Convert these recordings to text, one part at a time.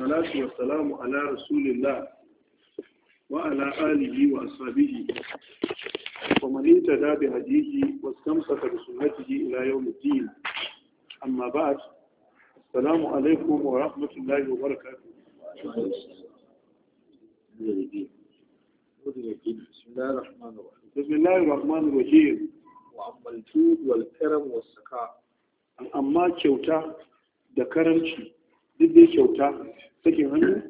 salatu wa salamu ala rasulillah wa ala alihi wa ashabihi wa man yatada bi hadihi wa istamsaka bi sunnatihi ila yawm al-din amma ba'd assalamu wa rahmatullahi wa barakatuh bismillahir rahmanir rahim wa amma al-jud wal karam was saka amma kyauta da karamci duk dai kyauta sakin hannu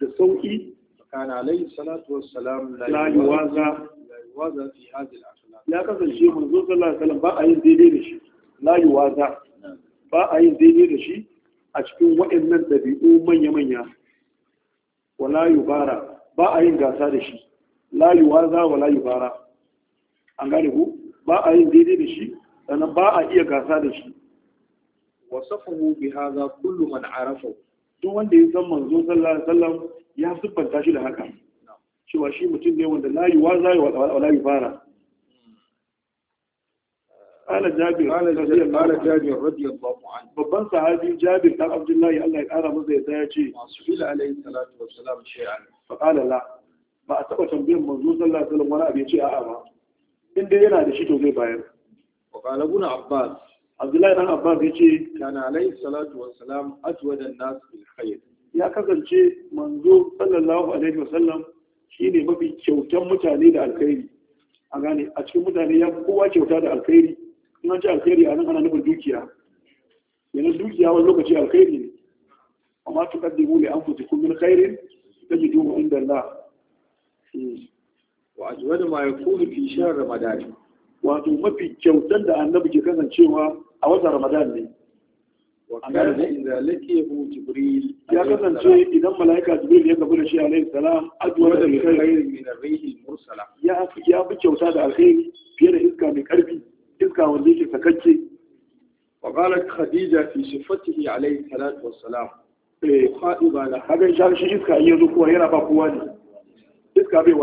da sauƙi kana alayhi salatu wassalam la yuwaza yuwaza fi hadhihi al-akhlaq ya kasance manzo sallallahu alaihi wasallam ba a yin daidai da shi la yuwaza ba a yin daidai da shi a cikin waɗannan dabi'u manya manya wala yubara ba a yin gasa da shi la yuwaza wala yubara an gane ku ba a yin daidai da shi sannan ba a iya gasa da shi wasafahu bi hadha kullu man arafahu duk wanda ya san manzo sallallahu alaihi wasallam ya siffanta shi da haka cewa shi mutum ne wanda layi wa zai wa fara ala jabir ala jabir ala jabir radiyallahu anhu babban sahabi Jabir dan Abdullahi Allah ya kara masa yadda ya ce masufil alayhi salatu wassalam shay'an fa qala la ba a taba tambayar manzo sallallahu alaihi wasallam wani abu ya ce a'a ba in dai yana da shi to zai bayar wa qala Abbas Abdullahi abba Abbas ce kana alayhi salatu wassalam atwada nas bil khair ya kasance manzo sallallahu alaihi wasallam shine mafi kyautan mutane da alkhairi a gane a cikin mutane ya kowa kyauta da alkhairi kuma ci alkhairi a nan ana nufin dukiya yanzu dukiya wani lokaci alkhairi ne amma fi tukumin anfusikum min khairin duhu inda la hmm. wa ajwada ma yakunu fi shahr ramadan wato mafi kyautan da annabi ke kasancewa a watan ramadan ne ya kasance idan mala'ika jibril ya gabu da shi alayhi salam adwa da alkhairi ya ya fi kyauta da alkhairi fiye da iska mai karfi iska wanda yake sakakke wa qalat khadija fi sifatihi salatu wassalam eh shi iska yana ba kowa ne iska bai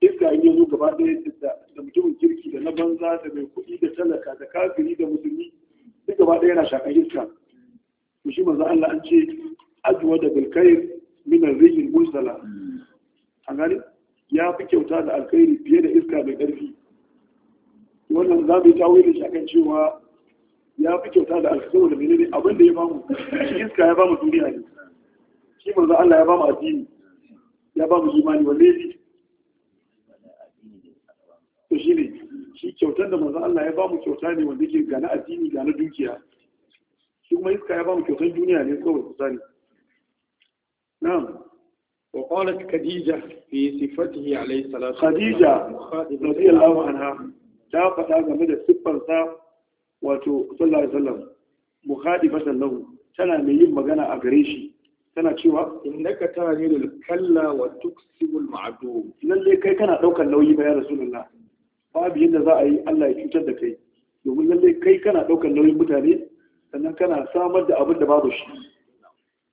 iska in gaba ɗaya da mutumin kirki da na banza da mai kuɗi da talaka da kafiri da musulmi duk gaba ɗaya yana shakan iska to shi manzo Allah an ce ajwa da bilkair min ar rijl musala? an gani ya fi kyauta da alkhairi fiye da iska mai ƙarfi wannan za mu yi tawilin shi cewa ya fi kyauta da alkhairi da menene abin da ya bamu shi iska ya bamu duniya ne shi manzo Allah ya bamu addini ya bamu imani wallahi shi kyautar da manzon Allah ya ba mu kyauta ne wanda ke gane addini gane dukiya shi kuma iska ya ba mu kyautar duniya ne kawai ku sani na'am wa qalat khadija fi sifatihi alayhi salatu khadija radiyallahu anha ta faɗa game da siffarsa wato sallallahu alaihi wasallam mukhadibatan lahu tana mai yin magana a gare shi tana cewa innaka tahmilul kalla wa tuksibul ma'dum lalle kai kana daukar nauyi bayan ya rasulullah babu yadda za a yi Allah ya cutar da kai domin lallai kai kana ɗaukar nauyin mutane sannan kana samar da abin da babu shi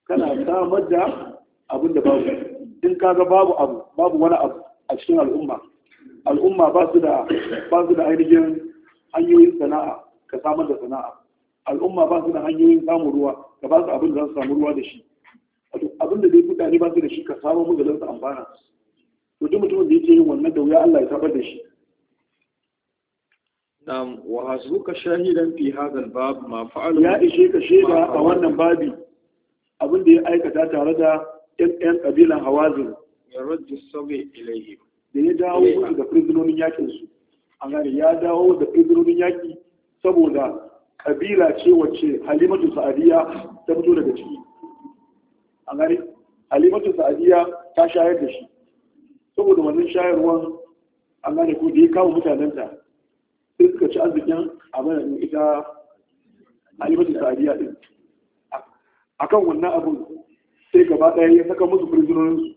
kana samar da abin da babu in ga babu abu babu wani abu a cikin al'umma al'umma ba su da ba su da ainihin hanyoyin sana'a ka samar da sana'a al'umma ba su da hanyoyin samun ruwa ka ba su abin da za su samu ruwa da shi abin da zai mutane ba su da shi ka samu musu su amfana to duk mutumin da yake yin wannan da wuya Allah ya tabar da shi Na'am wa hasbuka shahidan fi hadha al-bab ma fa'alu ya ishe ka shaida a wannan babi abin da ya aikata tare da ƴan kabilan Hawazin ya rajju sabi ilayhi da ya dawo musu da prisonin yakin su an gane ya dawo da prisonin yaki saboda kabila ce wacce Halimatu Sa'adiya ta fito daga ciki an gane Halimatu Sa'adiya ta shayar da shi saboda wannan shayarwan an gane ko da ya kawo mutanenta sai suka ci arzikin abin ita alimatu sa'adiyya din akan wannan abin sai gaba ɗaya ya saka musu prisonerin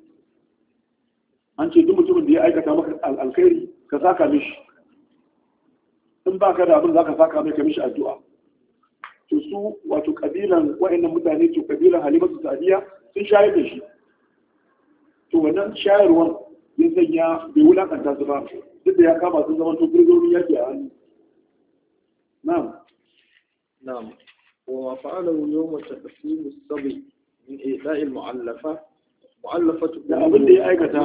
an ce duk mutumin da ya aikata maka alkhairi ka saka mishi in ba ka da abin za ka saka mai ka mishi addu'a to su wato kabilan wa'annan mutane to kabilan halimatu sa'adiyya sun shayar da shi to wannan shayarwar ya sanya bai wulakanta su ba duk da ya kama sun zama to firizonin yaki a hannu na'am na'am wa fa'alahu yawma taqsim as-sabi min ida'i al-mu'allafa mu'allafatu da abin da ya aikata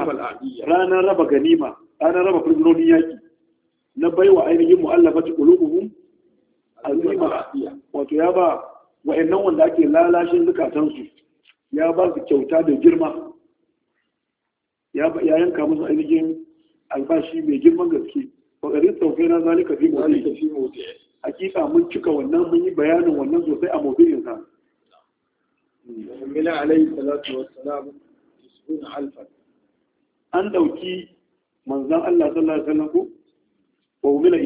ranar raba ganima ranar raba firizonin yaki na baiwa ainihin mu'allafatu qulubuhum azima wato ya ba wa'annan wanda ake lalashin zukatansu ya ba su kyauta da girma ya yanka musu ainihin albashi mai girman gaske wa ƙarin sauƙai na zalika fi motsi hakika mun cika wannan mun yi bayanin wannan sosai a motsin sa Mila alaihi salatu an dauki manzon Allah sallallahu alaihi wasallam ko wa mila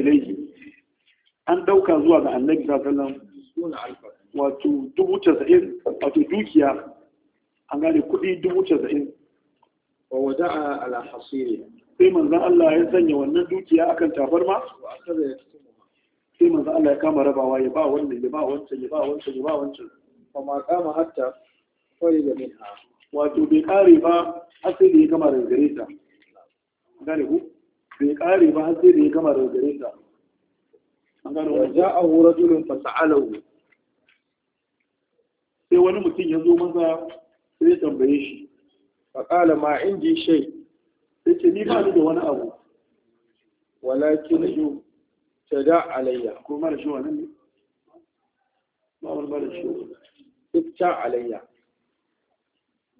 an dauka zuwa ga annabi sallallahu alaihi wasallam wato dubu casa'in wato dukiya an gane kuɗi dubu casa'in wa wada'a ala hasiri sai manzon Allah ya sanya wannan dukiya akan tabarma wa sai manzon Allah ya kama rabawa ya ba wannan ya ba wancan ya ba wancan ya ba wancan fa ma kama hatta farida minha wato bai kare ba har sai da ya gama daga ta gane ku bai kare ba har sai da ya gama daga ta an gane wa ja'ahu rajulun fa sa'alahu sai wani mutum ya zo maza ya tambaye shi faƙala ma indi shai Ya ce ni ba ni da wani abu walakin yu ta da alayya ko mara shi wannan ne ba wani mara shi ifta alayya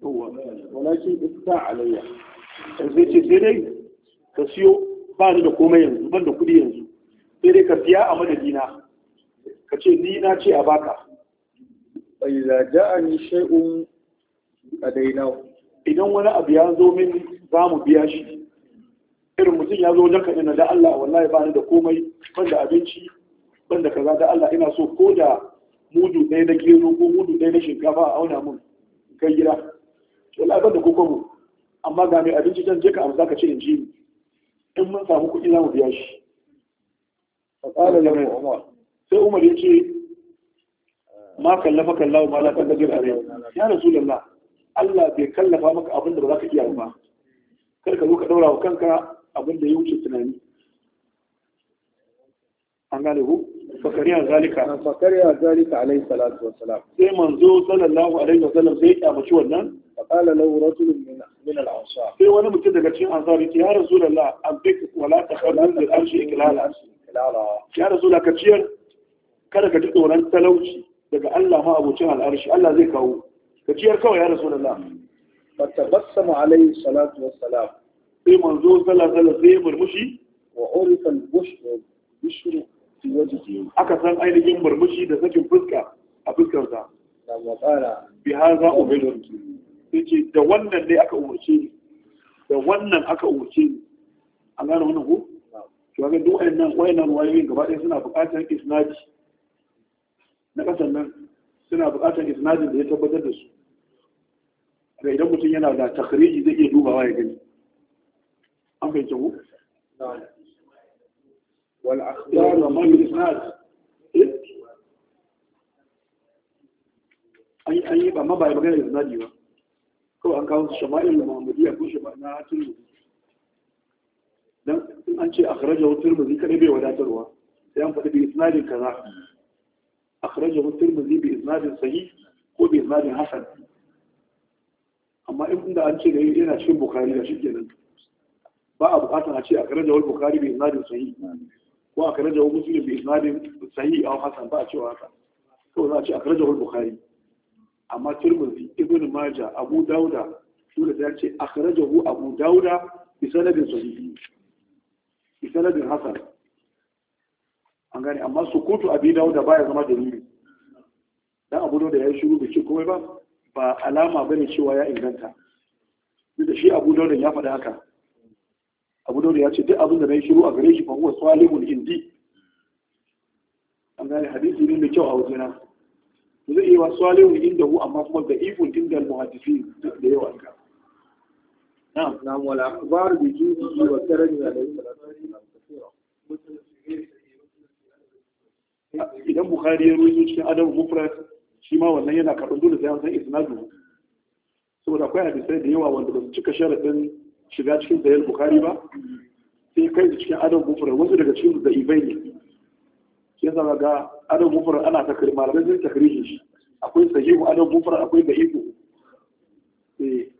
walakin ifta alayya zai ce sai dai ka siyo ba ni da komai yanzu ban da kuɗi yanzu sai dai ka biya a madadina ka ce ni na ce a baka bai da ja'ani shay'un kadainahu idan wani abu ya zo min za mu biya shi irin mutum ya zo wajen ka ina da Allah wallahi ba ni da komai banda abinci banda kaza da Allah ina so ko da mudu ɗaya na gero ko mudu ɗaya na shinkafa a auna mun kai gida ba da koko mu amma ga mai abinci can je ka amsa ka ce in ji in mun samu kuɗi za mu biya shi fa qala lahu umar sai umar ya ce ma kallafa kallawa ma la kan gajir ya rasulullah Allah bai kallafa maka abin da ba za ka iya ba kar ka zo ka daura wa kanka abin da ya wuce tunani an gane ku Fakariya a zalika fakari a zalika alaihi salatu wa salam sai manzo sallallahu alaihi wa sallam sai ya kyamaci wannan fa qala lahu rajulun min min al-ansar sai wani mutum daga cikin ansar yake ya rasulullah abik wa la takhadhu bil arshi iklala ya rasu da ciyar kada ka ji tsoron talauci daga Allah ma abokin al'arshi Allah zai kawo ka kawai ya rasu rasulullah basama alaihi salatu wa salam. sai manzo sallallahu alaihi wasallam sai murmushi wa urifa al-bushr bishr fi wajhihi aka san ainihin murmushi da sakin fuska a fuskar sa da waqala bi hadha ubidu yace da wannan ne aka umarce ni da wannan aka umarce ni an gane wannan ko to ga duk wayannan wayannan wayoyin gaba ɗaya suna buƙatar isnadi na ƙasar nan suna buƙatar isnadin da ya tabbatar da su ga idan mutum yana da takhriji zai iya dubawa ya gani an fahimci ku wal akhbar wa man isnad eh? ai ai ba ma bai magana isnadi ba ko an kawo shama'il muhammadiyya ko shama'il na hatin dan in an ce wa tirmidhi kada bai wadatarwa sai an faɗi bi isnadin kaza wa tirmidhi bi isnadin sahih ko bi isnadin hasan amma in inda an ce da yana cikin bukari da cikin nan ba a bukatar a ce a kare jawar bukari bai isnadin sahi ko a kare jawar musulun bai isnadin sahi a hasan ba a cewa haka ko za a ce a kare jawar bukari amma tirmidhi ibn maja abu dauda dole da ce a kare jawar abu dauda bi sanadin sahihi bi sanadin hasan an gane amma sukutu abi dauda baya zama dalili dan abu dauda ya yi shiru bai ce komai ba ba alama bane cewa ya inganta duk da shi abu dauda ya faɗi haka abu dauda ya ce duk abin da na yi shiru a gare shi fa huwa salihun indi an gane hadisi ne mai kyau a wajena zai iya wa salihun inda hu amma kuma da ifun inda al-muhaddisi da yawa ka na'am wala akhbar bi juzi wa karami alayhi idan bukhari ya rubuta cikin adab mufrad shi ma wannan yana karɓar dole sai an san isnadu saboda akwai hadisai da yawa wanda ba su cika sharaɗin shiga cikin sahih bukhari ba sai kai da cikin adam gufura wasu daga cikin da ibai ne shi yasa ga adam gufura ana karɓar malamai sun takririn shi akwai sahihu adam gufura akwai da iko eh.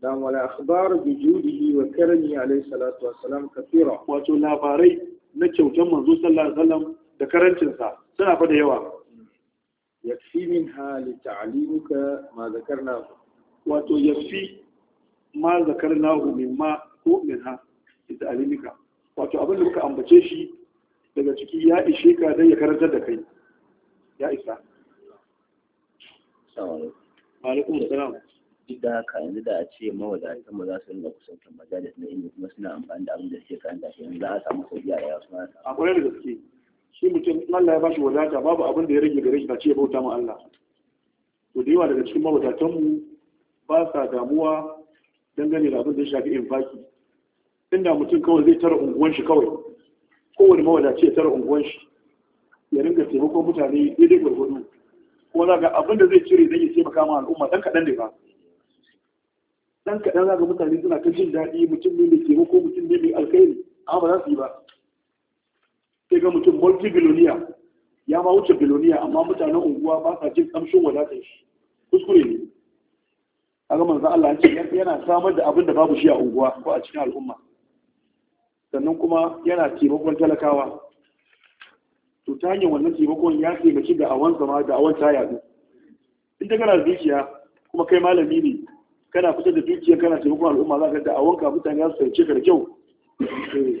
dan wala akhbar bi judihi wa karami alayhi salatu Salam, kathira wato labarai na kyautan manzo sallallahu alaihi wasallam da karancinsa suna fa da yawa yakfi minha li ta'limuka ma zakarnahu wato yakfi ma zakarnahu mimma ko minha li ta'limika wato abin da muka ambace shi daga ciki ya ishe ka dan ya karantar da kai ya isa alaikum salam duk da haka yanzu da a ce mawadatan mu za su rinka kusantar majalis na ilimi kuma suna amfani da abin da suke kan karanta yanzu za a samu sauki a rayuwa suna a kwarai da gaske shi mutum Allah ya bashi wadata babu abin da ya rage gare shi na ce ya bauta ma Allah to da yawa daga cikin mawadatanmu ba sa damuwa dangane da abin da ya shafi infaki inda mutum kawai zai tara unguwan shi kawai kowane mawadaci ya tara unguwan shi ya ringa taimakon mutane daidai gwargwado Ko za ga abin da zai cire zai ya taimaka ma al'umma dan kaɗan ne ba dan kaɗan za ga mutane suna ta jin daɗi mutum ne mai taimako mutum ne mai alkhairi amma ba za su yi ba sai ga mutum multi biloniya ya ma wuce biloniya amma mutanen unguwa ba sa jin kamshin wadatar shi kuskure ne a ga manzan Allah ce yana samar da abin da babu shi a unguwa ko a cikin al'umma sannan kuma yana taimakon talakawa to ta hanyar wannan taimakon ya taimaki da awon zama da awon ta yadu in ta kana zuciya kuma kai malami ne kana fitar da dukiya kana taimakon al'umma za ka da awon ka mutane za su fahimce ka da kyau eh.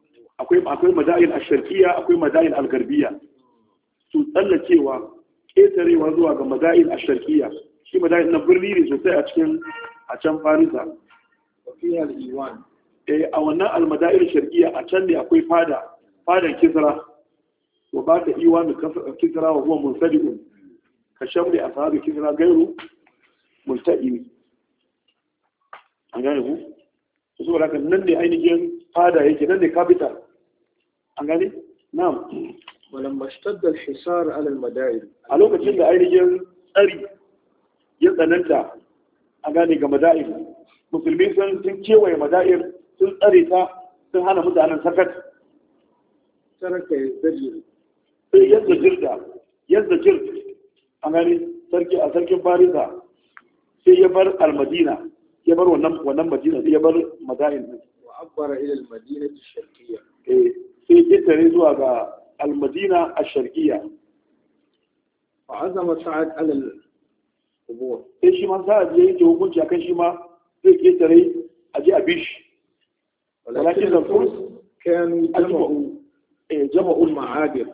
akwai akwai madail ash-sharqiyya akwai madail al-garbiyya su tsallacewa ketarewa zuwa ga madail ash-sharqiyya shi madail na birni ne sosai a cikin a can Farisa fiha al-iwan eh a wannan al-madail ash-sharqiyya a can ne akwai fada fadan Kisra wa ba ta iwan Kisra wa huwa munsadiqun ka shamli ashabi Kisra gairu multaqimi an gane ku su saboda nan ne ainihin fada yake nan ne capital an gane na'am Ba mashtadda al shisar alal madari a lokacin da ainihin tsari ya tsananta a gane ga madari musulmi sun sun kewaye madari sun tsare ta sun hana mutanen sakat ya yazdajir sai jirga yadda jirga a gani sarki a sarkin farisa sai ya bar almadina, ya bar wannan madina sai ya bar madari din wa abbara ila al ta ash-sharqiyya eh sai ƙetare zuwa ga almadina a shar'iyya a azama sa'ad alal kubuwa sai shi ma sa'ad ya yi ta hukunci a kan shi ma zai ƙetare a ji a bishi walakin da furs kanu jama'u jama'ul ma'adir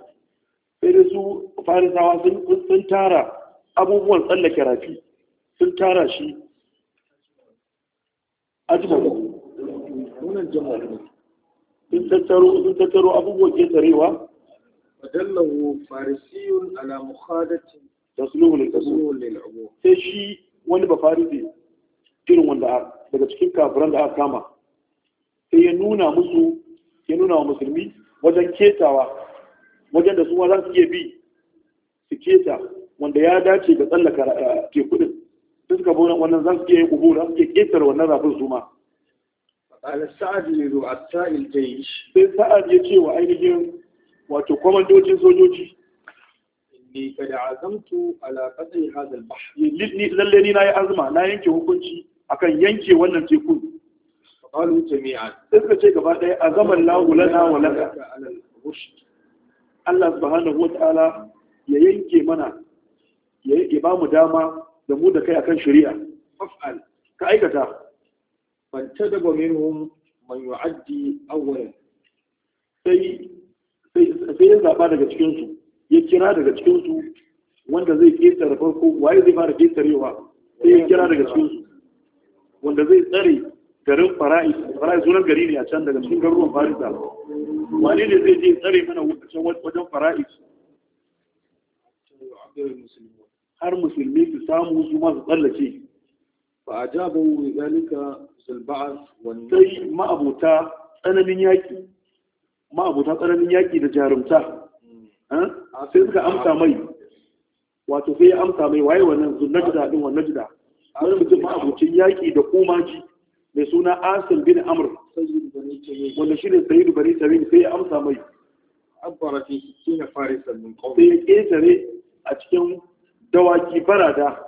sai da su farisawa sun tara abubuwan tsallake rafi sun tara shi ajiyar wannan jama'ul sun tattaro sun tattaro abubuwan ketarewa fadallahu farisiyun ala mukhadatin tasluhu lil tasluhu sai shi wani bafarisi irin wanda daga cikin kafiran da aka kama sai ya nuna musu ya nuna wa musulmi wajen ketawa wajen da su ma za su iya bi su keta wanda ya dace ga tsallaka eh, tekudin sai suka bi wannan za su iya yin kubura su iya ketare wannan rafin su ma al sa'ad li ru'asa al jaysh sai sa'ad ya ce wa ainihin wato kwamandojin sojoji ni da azamtu ala qatl hadha al bahr ni na yi azuma. na yanke hukunci akan yanke wannan teku qalu jami'an sai suka ce gaba ɗaya. azaman lahu lana wa laka Allah subhanahu wa ta'ala ya yanke mana ya ba mu dama da mu da kai akan shari'a fa'al ka aikata فانتدب منهم man yu'addi awwalan sai sai ya zaba daga cikin su ya kira daga cikin su wanda zai ketare farko waye zai fara ketarewa sai ya kira daga cikin su wanda zai tsare garin fara'i fara'i sunan gari ne a can daga cikin garuruwan farisa wani ne zai je tsare mana wajen wajen fara'i har musulmi su samu su masu tsallace. fa ajabahu في البعث zulba'as ما sai ma'abuta tsananin yaki ma'abuta tsananin yaki da jarumta a eh? mm. sai suka amsa mai wato sai ya amsa mai wannan zunnajda din wannan jida ah. wani mutum ma'abucin yaki da kumaji mai suna asim bin amr Wannan shi ne sayyidu bani sai ya amsa mai fi sai ya ketare a cikin dawaki barada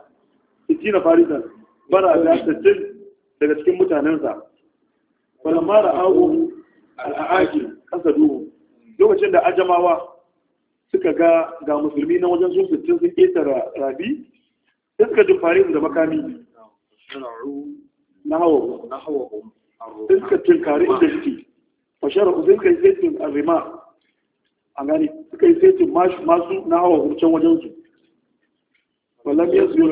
bara da tattun daga cikin mutanensa falamma ra'ahu kasa kasadu lokacin da ajamawa suka ga ga musulmi na wajen sun sittin sun ƙetare rabi sai suka jin faris da makami na hawa sai suka tunkari inda suke fashara sai suka yi setin arrima a gani suka yi setin masu na hawa can wajen su walam yanzu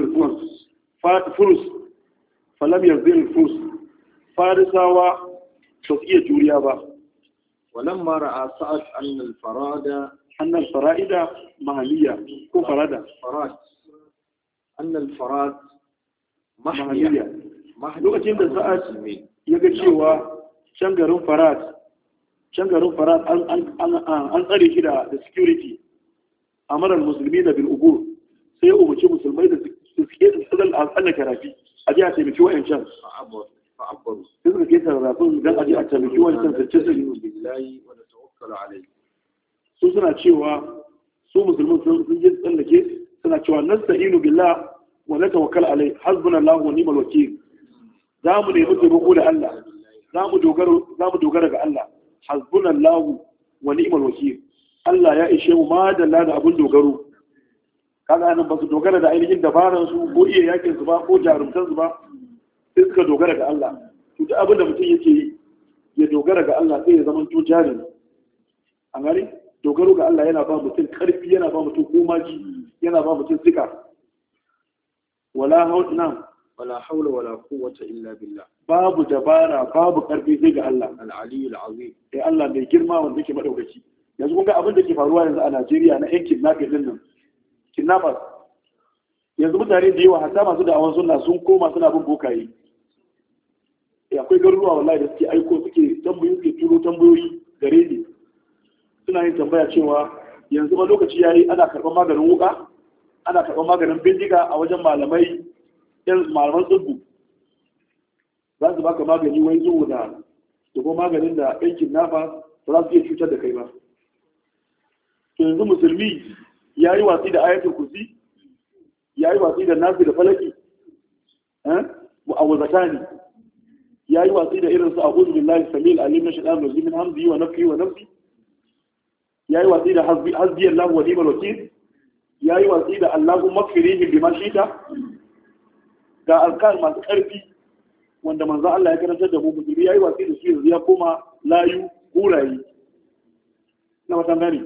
yau furus falam yanzil fus farisawa ba su iya juriya ba walan mara a sa'ad an fara'ida mahaliya ko farada farad an al farad mahaliya lokacin da sa'ad ya ga cewa can garin farad can garin farad an tsare shi da security marar musulmi da bin ubur sai umarci musulmai da suke tsallaka rafi a a taimaki wayan can, sai suka ke sarrafin don a ji a taimaki wa'ancan sarce su suna cewa su musulmin sun yi tsallake suna cewa nasta'inu billah wa la tawakkal alai hasbunallahu wa ni'mal wakeel za mu nemi taimako da Allah za mu dogara ga Allah hasbunallahu wa ni'mal wakeel Allah ya ishe mu ma da abun dogaro kaga anan ba su dogara da ainihin dabaran su ko iya yakin su ba ko jarumtan su ba sai suka dogara ga Allah to duk abin da mutum yake yi ya dogara ga Allah sai ya zama to jari an gani dogaro ga Allah yana ba mutum karfi yana ba mutum komaji yana ba mutum sika wala hauna wala haula wala quwwata illa billah babu dabara babu karfi sai ga Allah al-aliyyul azim eh Allah mai girma wanda yake madaukaki yanzu kun ga abin da ke faruwa yanzu a Najeriya na yankin naka din nan kidnappers yanzu mutane da yawa hata masu da'awar suna, sun koma suna bin bokaye eh, akwai garuruwa wallahi da suke aiko suke tambayi suke turo tambayoyi gare ni suna yin tambaya cewa yanzu ma lokaci yayi ana karɓar maganin wuka ana karɓar maganin bindiga a wajen malamai yan malaman tsibbu za su baka magani wai zuwa da da kuma maganin da yan kidnapper ba za su iya cutar da kai ba to yanzu musulmi ya yi watsi da ayatul kursi ya yi watsi da nafi da falaki mu'awwazatani eh? ya yi watsi da irin su a'udhu billahi samil alim na shaitan rajim min hamzi wa nafi wa nafi ya yi watsi da hasbi Allah wa ni'mal wakil ya yi watsi da Allahu makfirihi bima shida ga alkal masu karfi wanda manzo Allah ya karantar da mu musulmi ya yi watsi da shi yanzu ya koma layu gurayi na wata gani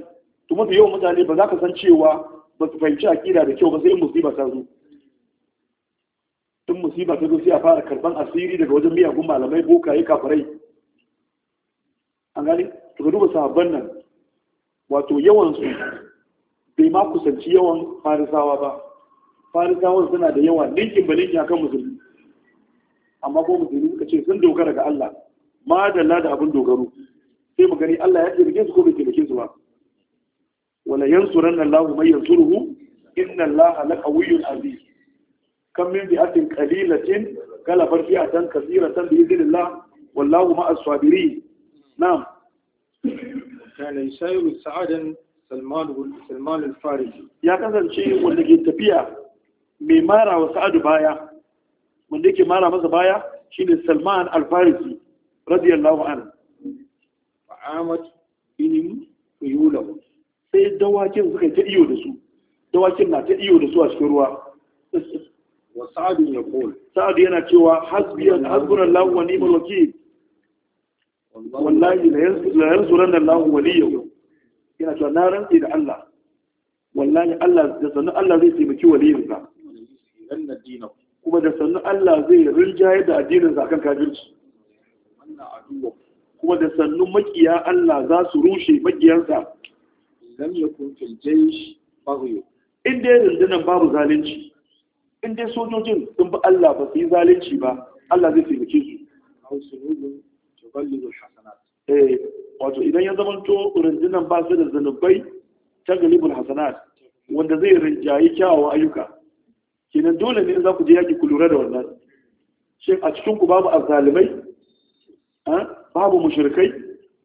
to mafi yawan mutane ba za ka san cewa ba su fahimci akida da kyau ba sai musiba ta zo tun musiba ta zo sai a fara karban asiri daga wajen miyagun malamai bokaye kafirai an gani to ga duba sahabban nan wato yawan su bai ma kusanci yawan farisawa ba farisawan suna da yawa ninkin ba ninkin akan musulmi amma ko musulmi suka ce sun dogara ga Allah ma da abin dogaro sai mu gani Allah ya taimake su ko bai taimake su ba wala yansuranna Allahu may yansuruhu inna Allaha laqawiyyun aziz kam min bi'atin qalilatin galabar bi'atan kathiratan bi idhnillah wallahu ma'as sabirin na'am كان يسير سعدا Salman al الفارسي Ya kasance wanda ke tafiya mai mara wa sa'adu baya wanda yake mara masa baya shine Salman al-Farisi radiyallahu anhu fa'amat inim dawakin suka ta iyo da su dawakin na ta iyo da su a cikin ruwa wa sa'adu ya qul sa'adu yana cewa hasbiyan hasbunallahu wa ni'mal wakeel wallahi na la yansuranna wani yau. yana cewa na rantsi da Allah wallahi Allah da sannu Allah zai taimaki waliyinsa kuma da sannu Allah zai rinjaye da addinin sa kan kafirci kuma da sannu makiya Allah za su rushe makiyansa lam yakun fil jaysh baghyu in dai rundunar babu zalunci in dai sojojin sun bi Allah ba su yi zalunci ba Allah zai taimake su aw sunudun tuballighu hasanat eh wato idan ya zama to rundunar ba su da zanubai ta galibul hasanat wanda zai rinjayi kyawawan ayyuka kenan dole ne za ku je yaki ku lura da wannan shin a cikin ku babu azzalimai ah, babu mushrikai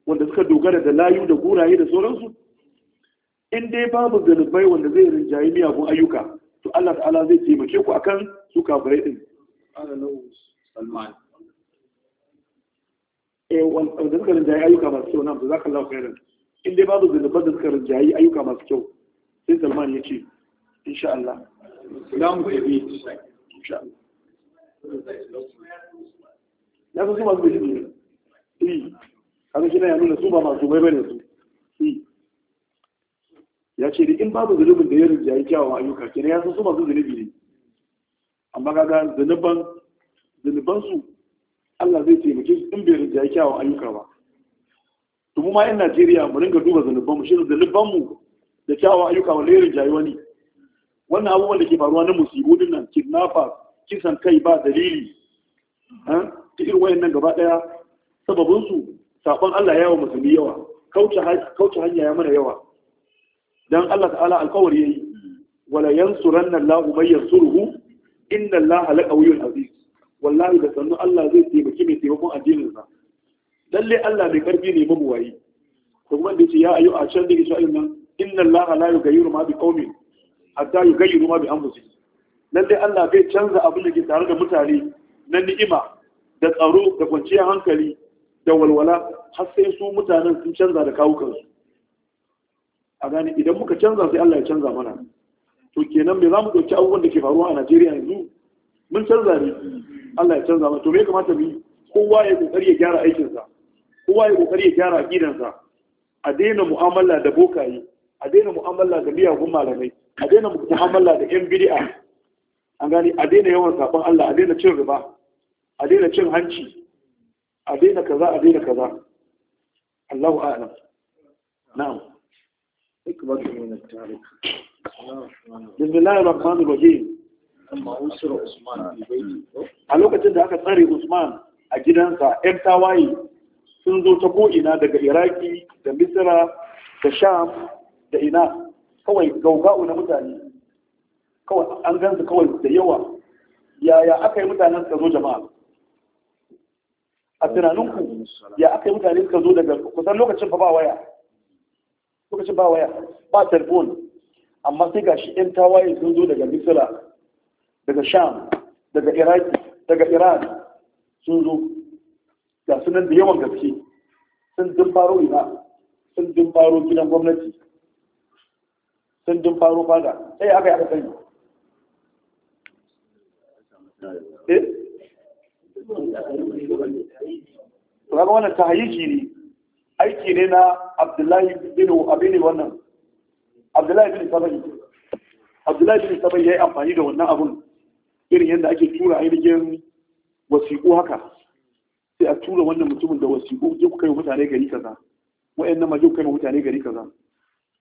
wanda suka dogara da layu da guraye da sauransu in dai babu zanubai wanda zai rinjayi miyagun ayyuka to Allah ta'ala zai taimake ku akan su kafirai din Salman eh wanda suka rinjayi ayyuka masu kyau in dai babu zanubai da suka rinjaye ayyuka masu kyau sai Salman ya ce insha Allah Islam ku Allah su masu bishi ne eh kaga shi na ya nuna su ba masu bai bane su eh. ya ce in babu zunubin da ya rinjaye kyawawan ayyuka kenan ya san su masu zunubi ne amma kaga zunuban zunuban su Allah zai taimake su in bai ya kyawawan ayyuka ba to mu ma yan Najeriya mu ringa duba zunuban mu shi zunuban mu da kyawawan ayyuka wanda ya rinjaye wani wannan abubuwan da ke faruwa na musibu din nan nafa kisan kai ba dalili eh, ta irin wayannan gaba daya sababin su sabon Allah yawa musulmi yawa kauce hanya ya mana yawa dan Allah ta'ala alƙawari yayi wala yansuranna Allahu may yansuruhu inna Allaha laqawiyyun aziz wallahi da sannu Allah zai taimaki mai taimakon addinin sa lalle Allah mai karfi ne mu to kuma dace ya ayu a can dake Isra'il nan inna Allaha la yughayyiru ma biqaumin hatta yughayyiru ma bi anfusihim lalle Allah bai canza abin da ke tare da mutane na ni'ima da tsaro da kwanciyar hankali da walwala har sai su mutanen sun canza da kawukansu a gane idan muka canza sai Allah ya canza mana to kenan me za mu ɗauki abubuwan da ke faruwa a Najeriya yanzu mun canza ne Allah ya canza mana to me kamata mu kowa ya kokari ya gyara aikinsa kowa ya kokari ya gyara sa a daina mu'amala da bokaye a daina mu'amala da miyagun malamai a daina mu'amala da yan bid'a an gane a daina yawan sabon Allah a daina cin riba a daina cin hanci a daina kaza a daina kaza Allahu a'lam na'am اكبر من التاريخ بسم الله الرحمن الرحيم amma a lokacin da aka tsare Usman a gidansa ƴan tawaye sun zo ta ko'ina daga Iraki da Misira da Sham da ina kawai gauga'u na mutane kawai an gansu kawai da yawa yaya aka yi mutanen suka zo jama'a a tunaninku ya aka yi mutane suka zo daga kusan lokacin fa ba waya lokacin ba waya ba telefon amma sai ga shi yan tawaye sun zo daga misira daga sham daga iraki daga iran sun zo ga sunan da yawan gaske sun dimbaro ina sun dimbaro gidan gwamnati sun dimbaro fada sai eh, aka yi aka sani eh? to kaga wannan tahayiki ne aiki ne na abdullahi bin abin wannan abdullahi bin sabai abdullahi bin sabai ya yi amfani da wannan abun irin yadda ake tura ainihin wasiƙu haka sai a tura wannan mutumin da wasiƙu je ku kai mutane gari kaza nan ma je ku kai mutane gari kaza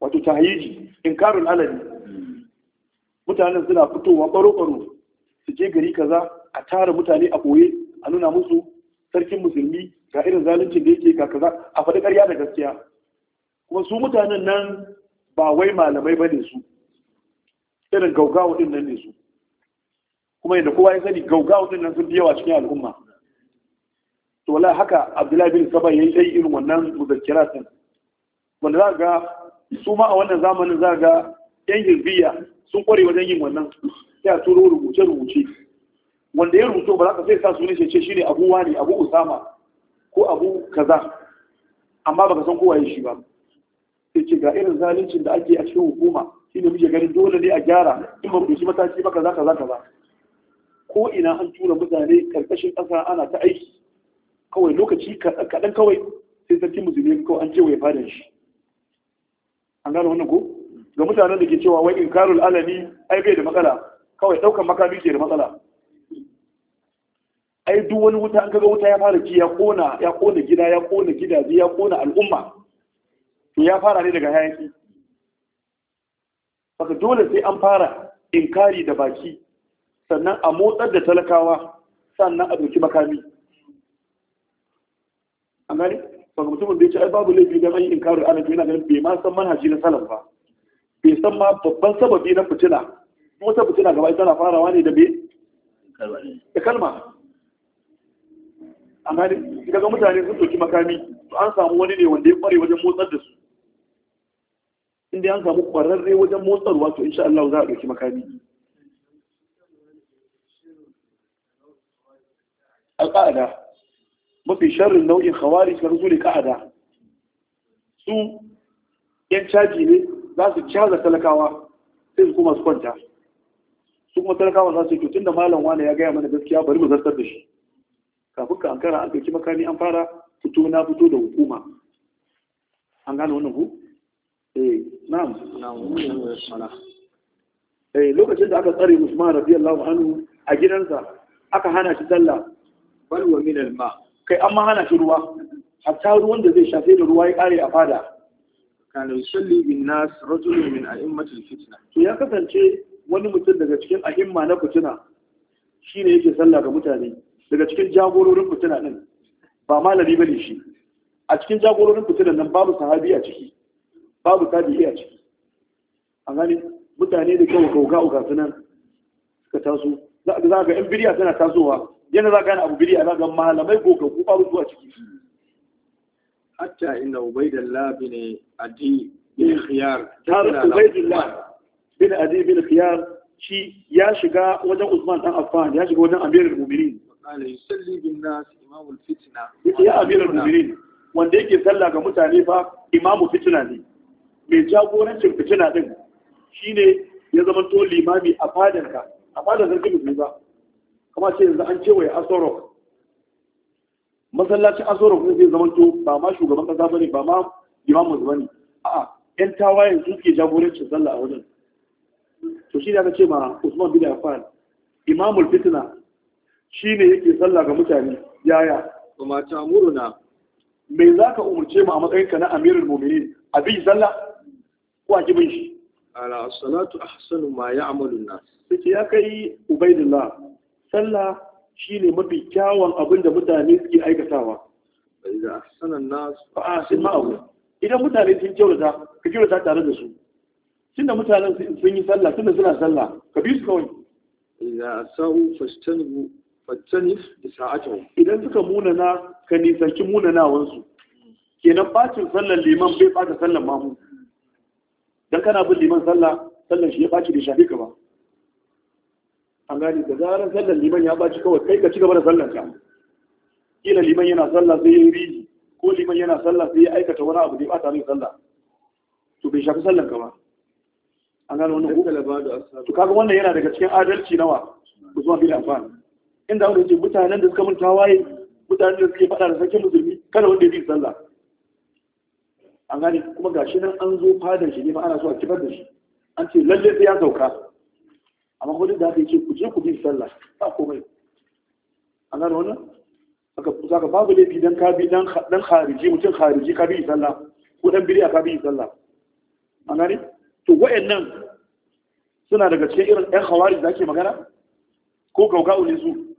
wato in inkarul alali mutanen suna fitowa ɓaro-ɓaro su je gari kaza a tara mutane a ɓoye a nuna musu sarkin musulmi ga irin zalunci da yake kaka za a faɗi ƙarya da gaskiya kuma su mutanen nan ba wai malamai ba ne su irin gaugawa ɗin nan ne su kuma yadda kowa ya sani gaugawa ɗin nan sun fi yawa cikin al'umma to wala haka abdullahi bin saba ya yi irin wannan muzakkira din wanda za ga su ma a wannan zamanin za ga yan girbiya sun ƙware wajen yin wannan sai a turo rubuce-rubuce wanda ya rubuto ba za ka sai sa sunan shi ce shine abu wani abu usama ko abu kaza amma baka san kowa ya shi ba sai ce ga irin zalincin da ake a cikin hukuma shi ne muke ganin dole ne a gyara in ba mu mataki ba kaza kaza kaza ko ina an tura mutane karkashin kasa ana ta aiki kawai lokaci kaɗan kawai sai sarki musulmi kawai an cewa ya fada shi an gane wannan ko ga mutanen da ke cewa wai inkarul alami ai bai da matsala kawai ɗaukan makami ke da matsala ai duk wani wuta an kaga wuta ya fara ci ya kona ya kona gida ya kona gidaje ya kona al'umma to ya fara ne daga hayaki saka dole sai an fara inkari da baki sannan a motsar da talakawa sannan a doki makami an gani saka mutumin da ya ce ai babu laifi don mai yi inkari ana yana ganin bai ma san manhaji na salaf ba bai san ma babban sababi na fitina wata fitina gaba ita na farawa ne da bai kalma an gane daga mutane sun ɗauki makami to an samu wani ne wanda ya ƙware wajen motsar da su inda an samu ƙwararre wajen motsarwa to insha Allah za a ɗauki makami alƙa'ada mafi sharrin nau'in hawari ka rusu da ƙa'ada su ‘yan caji ne za su caza talakawa sai su kuma su kwanta su kuma talakawa za su yi tutun da malam wane ya gaya mana gaskiya bari mu zartar da shi kafin ka ankara an ɗauki makami an fara fito na fito da hukuma an gane wannan ku eh na'am eh lokacin da aka tsare Usman radiyallahu anhu a gidansa aka hana shi sallah bal wa min al ma kai amma hana shi ruwa hatta ruwan da zai shafe da ruwa ya kare a fada kana yusalli bin nas rajul min a'immatil fitna to ya kasance wani mutum daga cikin a'imma na fitina shine yake sallah ga mutane daga cikin jagororin fitina din ba malami bane shi a cikin jagororin fitina nan babu sahabi a ciki babu tabi'i a ciki a gani mutane da kyau ga uka sunan suka taso za ga yan bidiya tana tasowa yana za ka yana abu bidiya za ga malamai ko kauku su a ciki hatta inda ubaidallah bin adi bin hmm. khiyar har ubaidallah bin adi bin khiyar shi ya shiga wajen usman dan affan ya shiga wajen amirul mu'minin ala ya amirul mu'minin wanda yake sallah ga mutane fa imamu fitina ne mai jagorancin fitina din shine ya zama to limami a fadar ka. a fadan sarki musulmi ba Kama ce yanzu an cewa kewaye asorok masallacin asorok ne zai zama to ba ma shugaban kasa bane ba ma limamin bane a'a yan tawayen su ke jagorancin sallah a wajen to shi da aka ce ma Usman bin Affan imamul fitna shi ne yake sallah ga mutane yaya kuma ta muruna me za ka umarce mu a matsayin ka na amirin mu'minin a bi sallah ko a kibin shi ala salatu ahsanu ma ya ya'malu na. sai ya kai tsalla sallah ne mafi kyawun abin da mutane suke aikatawa idan ahsanan nas fa ahsin ma'ahu idan mutane sun kyauta ka kyauta tare da su tunda mutanen sun yi sallah tunda suna sallah ka bi su kawai idan sa'u fastanibu fattanif da sa'atahu idan suka munana ka nisanci munanawansu kenan bacin sallar liman bai bata sallar mamu dan kana bin liman sallah sallar shi ya baci da shafi ka ba an gani da zarar sallar liman ya baci kawai kai ka ci gaba da sallar ka kila liman yana sallah sai ya yi riji ko liman yana sallah sai ya aikata wani abu da ya bata mai sallah to bai shafi sallar ka ba an gano wannan ku kaga wannan yana daga cikin adalci nawa bi da amfani. inda wanda ce mutanen da suka mun tawaye mutanen da suke faɗa da sarkin musulmi kada wanda ya bi sallah an gane kuma gashi nan an zo fadar shi ne ma ana so a kifar da shi an ce lalle sai ya sauka amma kuma duk da haka ce ku je ku bi sallah ba komai an gane wannan aka ka babu laifi dan ka bi dan khariji mutum khariji ka bi sallah ko dan bid'a ka bi sallah an gane to wayannan suna daga cikin irin ɗan hawari da ake magana ko gauga'u ne su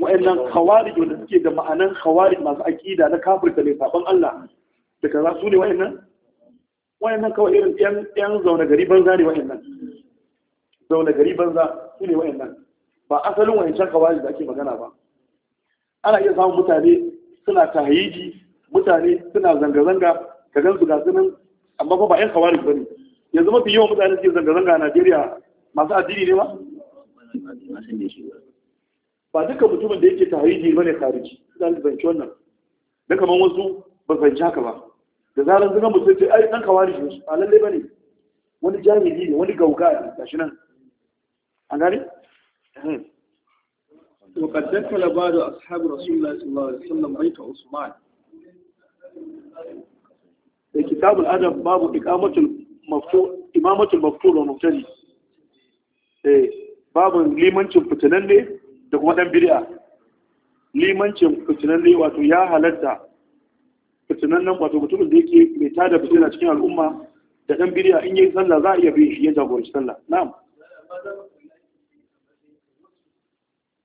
wa'annan khawarij da suke da ma'anan khawarij masu aƙida na da mai saɓon Allah da za su ne wa'annan wa'annan kawai irin yan zaune gari banza ne wa'annan zaune gari banza su ne wa'annan ba asalin wa'ancan khawarij da ake magana ba ana iya samun mutane suna tahiji mutane suna zanga-zanga ka gan su ga sunan amma ba yan ba ne. yanzu mafi yawan mutane suke zanga-zanga a Najeriya masu addini ne ba ba duka mutumin da yake tarihi zanci wannan da kamar wasu ba zanci haka ba da zarar mutum ce ai kawari shi a lalle bane wani jami'i ne wani gauga ne shi nan an وقد دخل بعض أصحاب رسول الله صلى الله عليه وسلم بيت عثمان في كتاب الأدب باب إمامة المفتور babin limancin ne da kuma ɗan bid'a limancin ne wato ya halatta nan wato mutumin da yake mai tada fitina cikin al'umma da ɗan bid'a in yi sallah za a iya bin shi ya jagoranci sallah na'am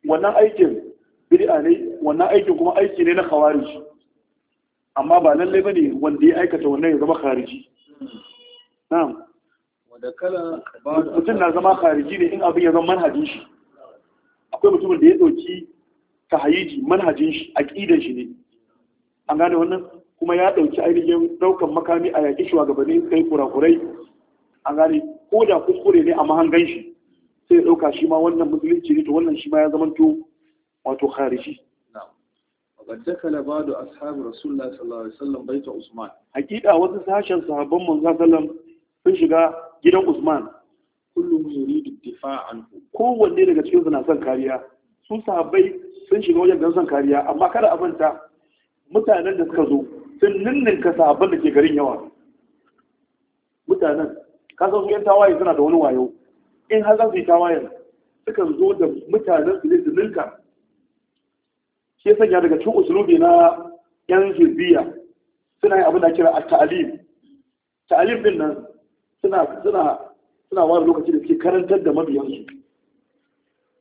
wannan aikin bid'a ne wannan aikin kuma aiki ne na khawarij amma ba lallai bane wanda ya aikata wannan ya zama khariji na'am mutum na zama khariji ne in abin ya zama manhajin shi akwai mutumin da ya dauki tahayiji manhajin shi aqidan shi ne an gane wannan kuma ya dauki ainihin daukan makami a yaki gabanin kai kurakurai an gane ko da kuskure ne a mahangan shi sai ya dauka shi ma wannan musulunci ne to wannan shi ma ya zama to wato khariji وقد دخل بعض أصحاب رسول الله صلى الله عليه وسلم بيت عثمان صحابهم صلى الله عليه وسلم sun shiga gidan Usman kullum yuridu difa anhu kowanne daga cikin suna son kariya su sahabbai sun shiga wajen don son kariya amma kada a manta mutanen da suka zo sun ninninka sahabban da ke garin yawa mutanen ka san su yan tawaye suna da wani wayo in har za su yi tawayen sukan zo da mutanen su ne su ninka shi ya sanya daga cikin usulubi na yan jirbiya suna yin abin da kira a ta'alim ta'alim din nan suna ware lokaci da suke karantar da mabiyansu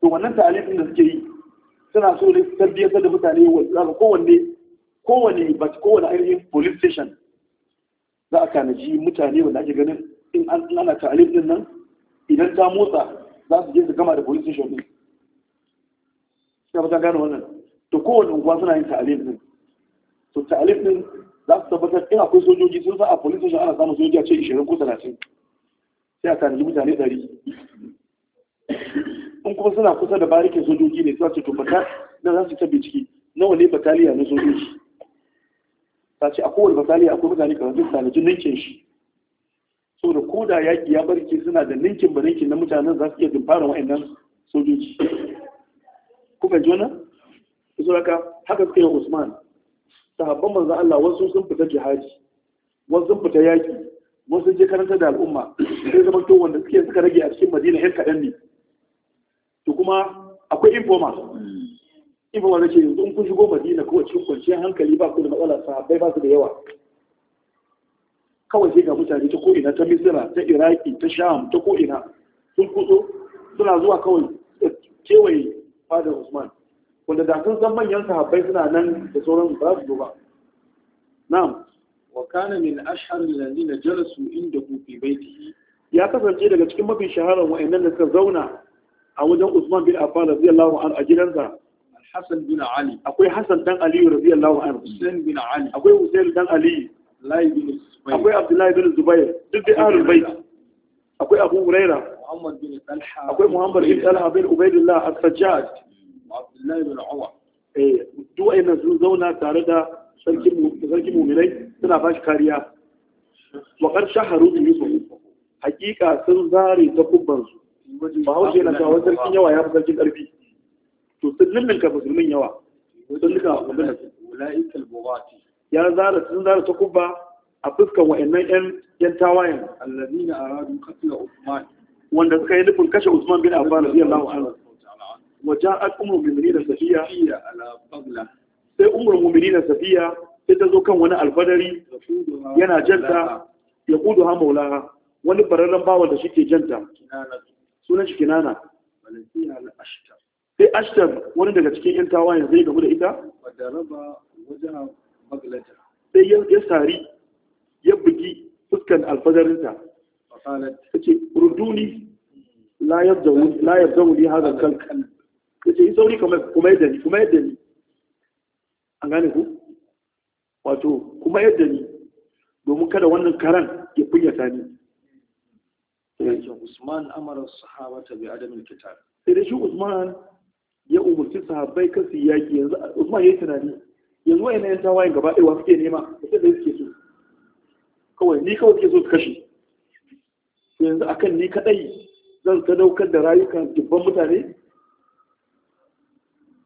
to wannan talibin da suke yi suna so ne tarbiyyar da mutane wanda kowanne kowane bat kowane ainihin police station za a kanaji mutane wanda ake ganin in an ana talib nan idan ta motsa za su je su gama da police station din sai fata ta gane wannan to kowane unguwa suna yin talib to talib za su tabbatar in akwai sojoji sun sa a police station ana samun sojoji a ce 20 ko 30 sai a tanadi mutane 100 in kuma suna kusa da barikin sojoji ne za su tabbata na za su ta ciki nawa ne bataliya na sojoji ta ce a kowane bataliya akwai mutane kamar sun tanadi ninkin shi da ko da yaƙi ya barke suna da ninkin ba ninkin na mutanen za su iya dumfara wa'annan sojoji kuka jona? Isuraka haka suka yi Usman sahabban manzan Allah wasu sun fita jihadi wasu sun fita yaƙi wasu sun je karanta da al'umma sai zama to wanda suke suka rage a cikin madina yan kaɗan ne to kuma akwai informal informal da ce yanzu kun shigo madina kawai cikin kwanciyar hankali ba ku da matsala sahabbai ba su da yawa kawai sai ga mutane ta ko'ina ta misira ta iraki ta sham ta ko'ina sun kuso suna zuwa kawai kewaye fadar usman wanda da sun san manyan sahabbai suna nan da sauran ba su zo ba na'am wa kana min ashhar alladhina jalasu indahu fi baytihi ya kasance daga cikin mafi shaharar wa'annan da suka zauna a wajen Usman bin Affan radiyallahu anhu a gidansa Hassan bin Ali akwai Hassan dan Ali radiyallahu anhu Hussein bin Ali akwai Hussein dan Ali akwai Abdullahi bin Zubair duk da ahlul bait akwai Abu Huraira akwai Muhammad bin Talha bin Ubaidillah as-Sajjad Abdullahi bin Umar eh duk wayannan sun zauna tare da sarkin muminai suna ba shi kariya wakar shaharu da yusuf hakika sun zare ta kubbansu ba na cewa sarkin yawa ya fi sarkin ƙarfi to sun lullunka musulmin yawa sun luka musulmin ya zara sun zara ta kubba a fuskan wa'annan yan tawayen wanda suka yi nufin kashe usman bin affan radiyallahu anhu وجاءت al'ummar المؤمنين صفية على sai umar muminina safiya sai ta zo kan wani alfadari yana janta ya kudu ha maulaha wani bararren bawa da shike janta sunan shi kinana sai ashtar wani daga cikin yan tawayen zai gamu da ita sai ya sari ya bugi fuskan alfadarinta ta ce ruduni la yabda wuli hazar kalkan sauri kuma yadda ni kuma yadda ni an gane ku wato kuma yadda ni domin kada wannan karan ya ta ni yankin usman amara sahabata bi adamin kitab sai da shi usman ya umarci sahabbai kan su yaki yanzu usman ya yi tunani yanzu wa'ina yan tawayen gaba ɗaya suke nema da sai da suke so kawai ni kawai suke so su kashe yanzu akan ni kadai zan sadaukar da rayukan dubban mutane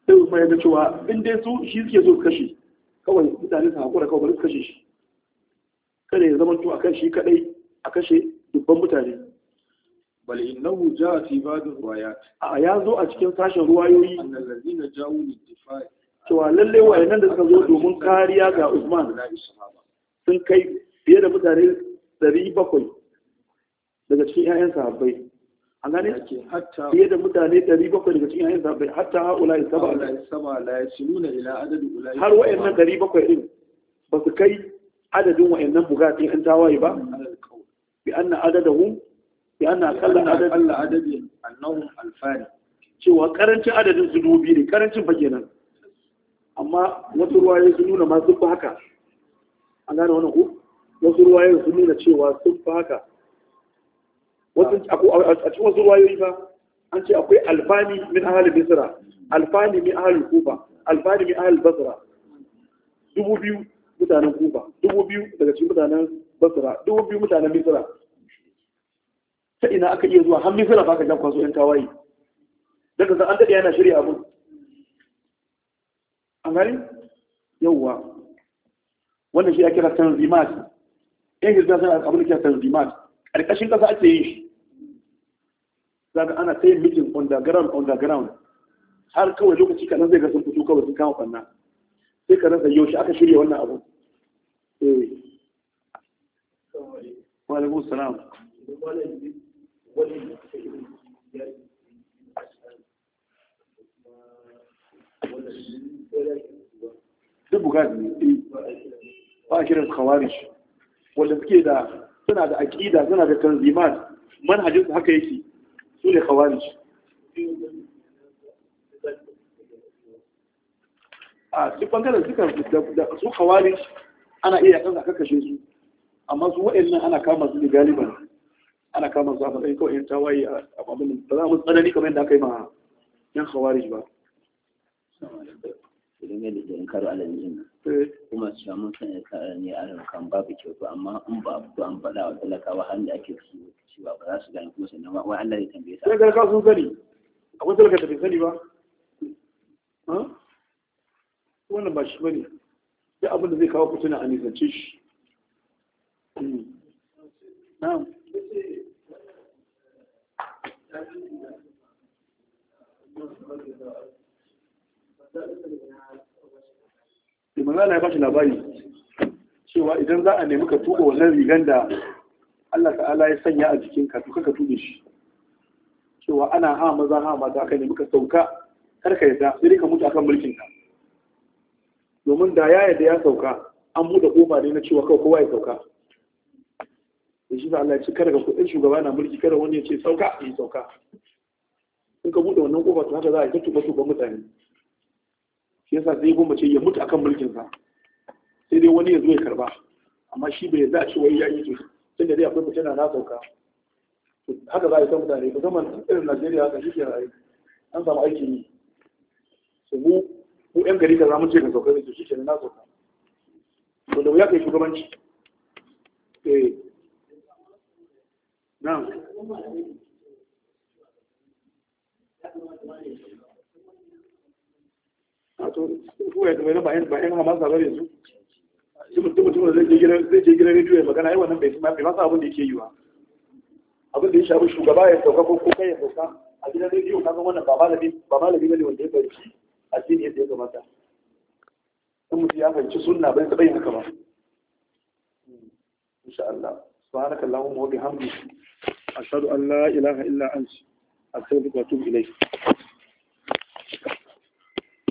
sai kuma ya cewa in dai su shi suke so kashe kawai mutane su haƙura kawai bari su kashe shi kada ya zamanto kan shi kadai a kashe dubban mutane bal innahu jaa fi ba'd ruwayat a ya zo a cikin sashen ruwayoyi annallazina ja'u li difai cewa lalle wayannan da suka zo domin kariya ga Usman sun kai fiye da mutane 700 daga cikin 'ya'yan sahabbai an gane fiye da mutane 700 daga cikin yayin sahabbai hatta haula ya saba la yasiluna ila adadi ulai har 700 din ba su kai adadin wayannan bugatin an tawaye ba bi anna adadahum bi anna adadin adadin annahum alfan cewa karancin adadin su dubi ne karancin fa amma wasu ruwaye sun nuna ma sun fi haka an gane wannan ko wasu ruwaye sun nuna cewa sun fi haka a cikin wasu ruwayoyi ba an ce akwai alfani min ahalin misra alfani min ahalin kufa alfani min ahalin Basira. dubu biyu mutanen kufa dubu biyu daga cikin mutanen Basira, dubu biyu mutanen misra ta ina aka iya zuwa har misra ba ka jan kwaso yan tawaye daga zan an daɗe yana shirya abun an gani yawwa wannan shi ya kira tanzimat yan hizba suna abin da kira tanzimat A ƙarƙashin ƙasa ake yin shi zaga ana ta yin mitin underground underground har kawai lokaci kanan zai ga sun fito kawai sun kama fanna sai ka rasa yaushe aka shirya wannan abu eh wa alaikum salam duk ne ba kiran khawarij wanda suke da suna da aƙida suna da tanzimat manhajinsu haka yake su ne a duk bangaren sukan da su khawarij ana iya yakan aka kashe su amma su wa'annan ana kama su ne galiban ana kama su a matsayin kawai yan tawaye a abin da za mu tsanani kamar yadda aka yi ma yan khawarij ba. Idan yadda kuma su samu sanya kara ne a kan babu kyautu amma in ba fito an faɗa wa talakawa har da ake ciwo cewa ba za su gani kuma sannan wai Allah zai tambaye sa. Talaka sun sani akwai talaka da bai sani ba. Wannan ba shi bane duk abin da zai kawo kutuna a nisance shi. Na'am. Thank you. da manzala ya bashi labari cewa idan za a nemi ka tuka wannan rigan da Allah ta'ala ya sanya a jikinka to ka tuɗe shi cewa ana ha maza ha mata aka nemi ka sauka karka yadda sai dai ka mutu akan mulkin ka domin da ya yadda ya sauka an buɗe ƙofa ne na cewa kawai kowa ya sauka da shi Allah ya ce kada ka kuɗin shugaba na mulki kada wani ya ce sauka ya sauka in ka buɗe wannan ƙofa to haka za a yi ta tuba tuba mutane yasa sai goma ce ya mutu akan mulkin sa sai dai wani ya zo ya karba amma shi bai yarda cewa ya yi to tun da dai akwai mutum na sauka haka za a yi san mutane zaman irin Najeriya haka shi ke rayu an samu aikin yi su mu mu yan gari ka zamu ce ka sauka ne shi ke na sauka to da wuya kai shugabanci eh na'am wato su ya ba yan zai je gidan rediyo ya magana masa abin da yi ba abin da ya shafi shugaba ya sauka ko kai ya sauka a gidan rediyo ka san wannan ba malami ba malami bane wanda ya fahimci addini yadda ya kamata in mutum ya fahimci sunna bai taɓa yin haka ba insha Allah سبحانك اللهم وبحمدك أشهد أن لا إله إلا أنت أستغفرك وأتوب إليك